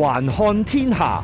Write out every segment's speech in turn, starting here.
環看天下，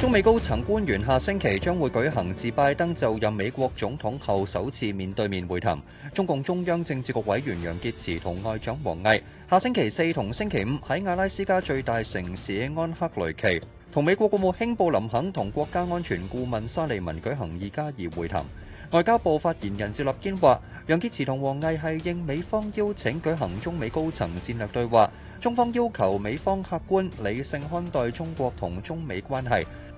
中美高層官員下星期將會舉行自拜登就任美國總統後首次面對面會談。中共中央政治局委員楊潔篪同外長王毅下星期四同星期五喺阿拉斯加最大城市安克雷奇同美國國務卿布林肯同國家安全顧問沙利文舉行二加二會談。外交部發言人趙立堅話，楊潔篪同王毅係應美方邀請舉行中美高層戰略對話，中方要求美方客觀理性看待中國同中美關係。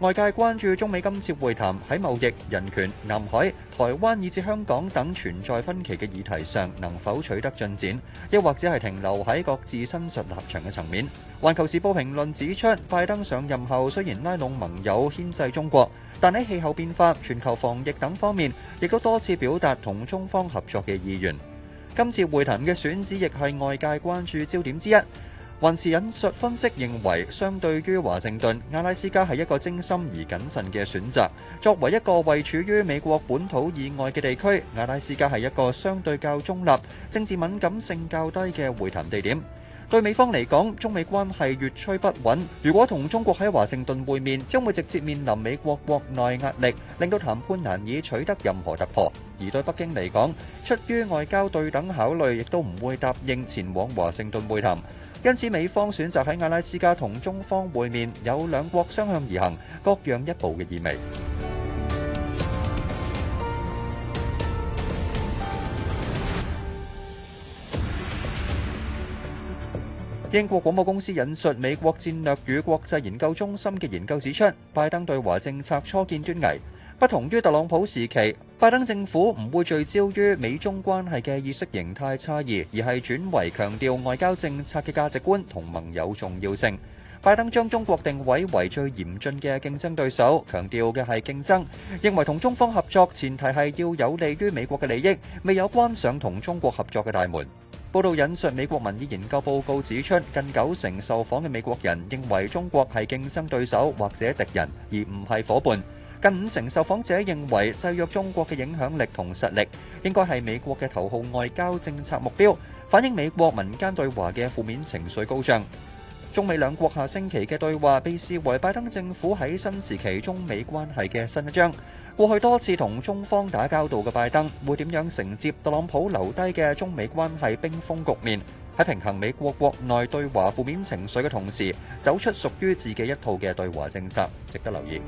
外界關注中美今次會談喺貿易、人權、南海、台灣以至香港等存在分歧嘅議題上能否取得進展，又或者係停留喺各自申述立場嘅層面。《環球時報》評論指出，拜登上任後雖然拉攏盟友牽制中國，但喺氣候變化、全球防疫等方面，亦都多次表達同中方合作嘅意願。今次會談嘅選址亦係外界關注焦點之一。還是引述分析認為，相對於華盛頓，阿拉斯加係一個精心而謹慎嘅選擇。作為一個位處於美國本土以外嘅地區，阿拉斯加係一個相對較中立、政治敏感性較低嘅會談地點。對美方嚟講，中美關係越趨不穩，如果同中國喺華盛頓會面，將會直接面臨美國國內壓力，令到談判難以取得任何突破。而對北京嚟講，出於外交對等考慮，亦都唔會答應前往華盛頓會談。因此，美方選擇喺阿拉斯加同中方會面，有兩國相向而行、各讓一步的意味。英國廣播公司引述美國戰略與國際研究中心的研究指出，拜登對華政策初見端倪，不同於特朗普時期 拜登政府唔會聚焦於美中關係嘅意識形態差異，而係轉為強調外交政策嘅價值觀同盟友重要性。拜登將中國定位為最嚴峻嘅競爭對手，強調嘅係競爭，認為同中方合作前提係要有利於美國嘅利益，未有關上同中國合作嘅大門。報道引述美國民意研究報告指出，近九成受訪嘅美國人認為中國係競爭對手或者敵人，而唔係伙伴。近五成受訪者認為，制約中國嘅影響力同實力應該係美國嘅頭號外交政策目標，反映美國民間對華嘅負面情緒高漲。中美兩國下星期嘅對話被視為拜登政府喺新時期中美關係嘅新一章。過去多次同中方打交道嘅拜登，會點樣承接特朗普留低嘅中美關係冰封局面？喺平衡美國國內對華負面情緒嘅同時，走出屬於自己一套嘅對華政策，值得留意。